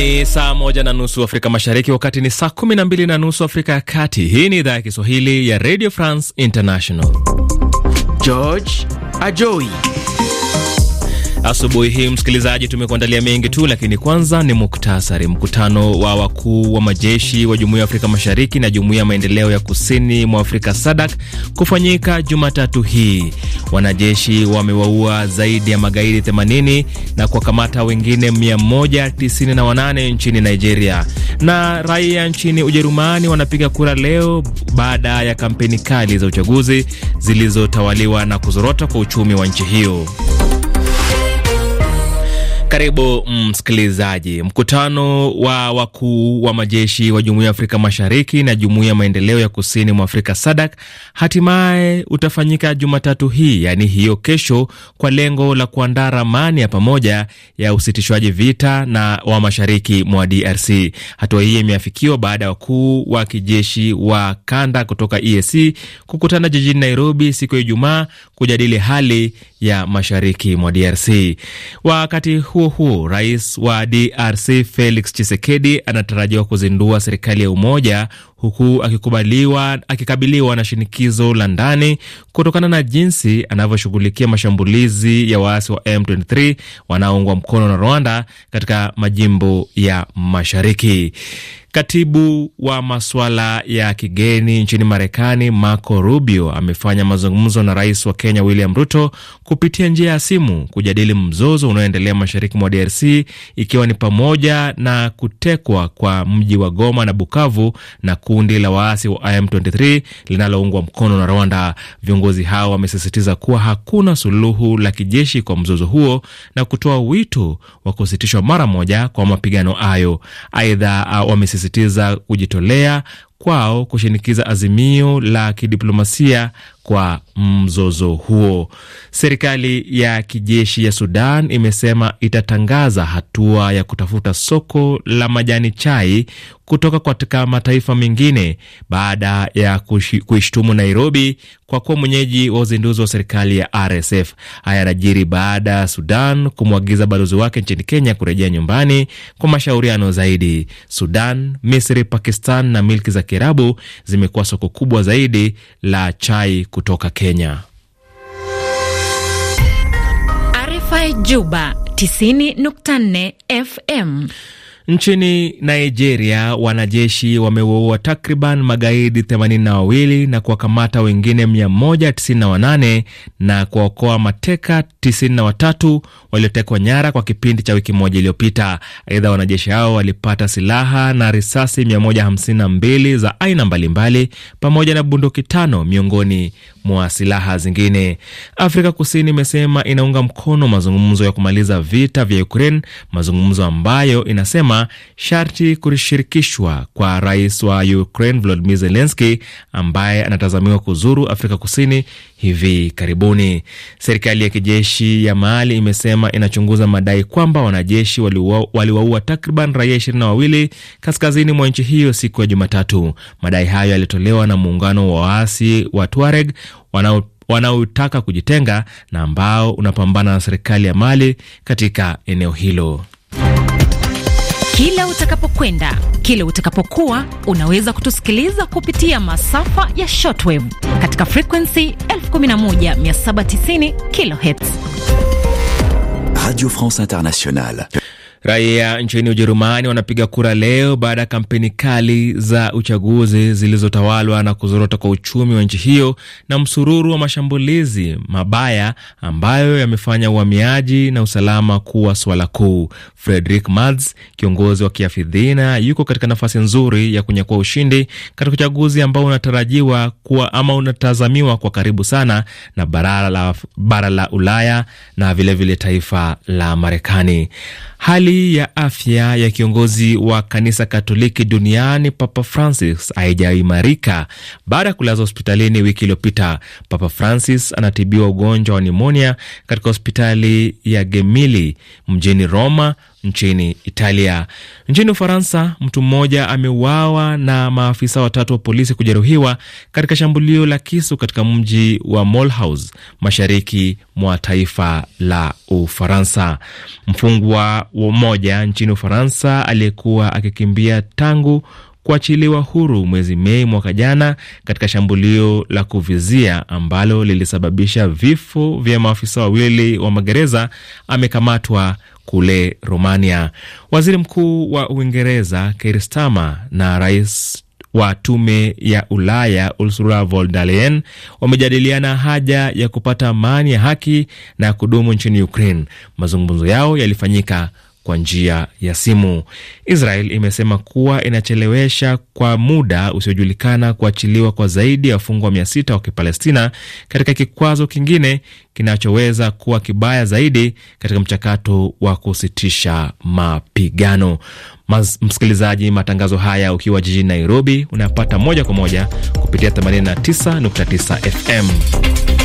Ni saa moja na nusu Afrika Mashariki, wakati ni saa kumi na mbili na nusu Afrika ya Kati. Hii ni idhaa ya Kiswahili ya Radio France International. George Ajoi Asubuhi hii msikilizaji, tumekuandalia mengi tu, lakini kwanza ni muktasari. Mkutano wa wakuu wa majeshi wa Jumuiya ya Afrika Mashariki na Jumuiya ya Maendeleo ya Kusini mwa Afrika sadak kufanyika Jumatatu hii. Wanajeshi wamewaua zaidi ya magaidi 80 na kuwakamata wengine 198 nchini Nigeria. Na raia nchini Ujerumani wanapiga kura leo baada ya kampeni kali za uchaguzi zilizotawaliwa na kuzorota kwa uchumi wa nchi hiyo. Karibu mm, msikilizaji. Mkutano wa wakuu wa majeshi wa Jumuiya ya Afrika Mashariki na Jumuiya ya Maendeleo ya Kusini mwa Afrika sadak hatimaye utafanyika Jumatatu hii, yaani hiyo kesho, kwa lengo la kuandaa ramani ya pamoja ya usitishwaji vita na wa mashariki mwa DRC. Hatua hii imeafikiwa baada ya wakuu wa kijeshi wa kanda kutoka EAC kukutana jijini Nairobi siku ya Ijumaa kujadili hali ya mashariki mwa DRC. Wakati huu huo huo, rais wa DRC Felix Tshisekedi anatarajiwa kuzindua serikali ya umoja huku akikubaliwa, akikabiliwa na shinikizo la ndani kutokana na jinsi anavyoshughulikia mashambulizi ya waasi wa M23 wanaoungwa mkono na Rwanda katika majimbo ya mashariki. Katibu wa masuala ya kigeni nchini Marekani Marco Rubio amefanya mazungumzo na rais wa Kenya William Ruto kupitia njia ya simu kujadili mzozo unaoendelea mashariki mwa DRC ikiwa ni pamoja na kutekwa kwa mji wa Goma na Bukavu na kundi la waasi wa M23 linaloungwa mkono na Rwanda. Viongozi hao wamesisitiza kuwa hakuna suluhu la kijeshi kwa mzozo huo na kutoa wito wa kusitishwa mara moja kwa mapigano hayo. Aidha, uh, wamesisitiza akisisitiza kujitolea kwao kushinikiza azimio la kidiplomasia kwa mzozo huo. Serikali ya kijeshi ya Sudan imesema itatangaza hatua ya kutafuta soko la majani chai kutoka katika mataifa mengine baada ya kuishtumu Nairobi kwa kuwa mwenyeji wa uzinduzi wa serikali ya RSF. Haya yanajiri baada ya Sudan kumwagiza balozi wake nchini Kenya kurejea nyumbani kwa mashauriano zaidi. Sudan, Misri, Pakistan na milki za Kirabu zimekuwa soko kubwa zaidi la chai kutoka Kenya. RFI Juba 90.4 FM. Nchini Nigeria, wanajeshi wamewaua takriban magaidi 82 na kuwakamata wengine 198 na kuwaokoa mateka 93 waliotekwa nyara kwa kipindi cha wiki moja iliyopita. Aidha, wanajeshi hao walipata silaha na risasi 152 za aina mbalimbali pamoja na bunduki tano miongoni mwa silaha zingine. Afrika Kusini imesema inaunga mkono mazungumzo ya kumaliza vita vya Ukraine, mazungumzo ambayo inasema amesema sharti kushirikishwa kwa rais wa Ukraine Volodymyr Zelensky ambaye anatazamiwa kuzuru Afrika Kusini hivi karibuni. Serikali ya kijeshi ya Mali imesema inachunguza madai kwamba wanajeshi waliwaua takriban raia ishirini na wawili kaskazini mwa nchi hiyo siku ya Jumatatu. Madai hayo yalitolewa na muungano wa waasi wa Tuareg wanao wanaotaka kujitenga na ambao unapambana na serikali ya Mali katika eneo hilo. Kila utakapokwenda, kila utakapokuwa, unaweza kutusikiliza kupitia masafa ya shortwave katika frequency 11790 kilohertz. Radio France Internationale. Raia nchini Ujerumani wanapiga kura leo baada ya kampeni kali za uchaguzi zilizotawalwa na kuzorota kwa uchumi wa nchi hiyo na msururu wa mashambulizi mabaya ambayo yamefanya uhamiaji na usalama kuwa swala kuu. Friedrich Merz, kiongozi wa kiafidhina, yuko katika nafasi nzuri ya kunyakua ushindi katika uchaguzi ambao unatarajiwa kuwa ama unatazamiwa kwa karibu sana na bara la, bara la Ulaya na vilevile vile taifa la Marekani. hali Hali ya afya ya kiongozi wa kanisa Katoliki duniani Papa Francis haijaimarika baada ya kulazwa hospitalini wiki iliyopita. Papa Francis anatibiwa ugonjwa wa nimonia katika hospitali ya Gemili mjini Roma nchini Italia. Nchini Ufaransa, mtu mmoja ameuawa na maafisa watatu wa polisi kujeruhiwa katika shambulio la kisu katika mji wa Mulhouse, mashariki mwa taifa la Ufaransa. Mfungwa mmoja nchini Ufaransa aliyekuwa akikimbia tangu kuachiliwa huru mwezi Mei mwaka jana katika shambulio la kuvizia ambalo lilisababisha vifo vya maafisa wawili wa magereza, amekamatwa kule Romania. Waziri Mkuu wa Uingereza Keir Starmer na rais wa tume ya Ulaya Ursula von der Leyen wamejadiliana haja ya kupata amani ya haki na kudumu nchini Ukraine. Mazungumzo yao yalifanyika kwa njia ya simu. Israel imesema kuwa inachelewesha kwa muda usiojulikana kuachiliwa kwa zaidi ya wafungwa mia sita wa Kipalestina katika kikwazo kingine kinachoweza kuwa kibaya zaidi katika mchakato wa kusitisha mapigano. Msikilizaji, matangazo haya ukiwa jijini Nairobi unayapata moja kwa moja kupitia 89.9 FM.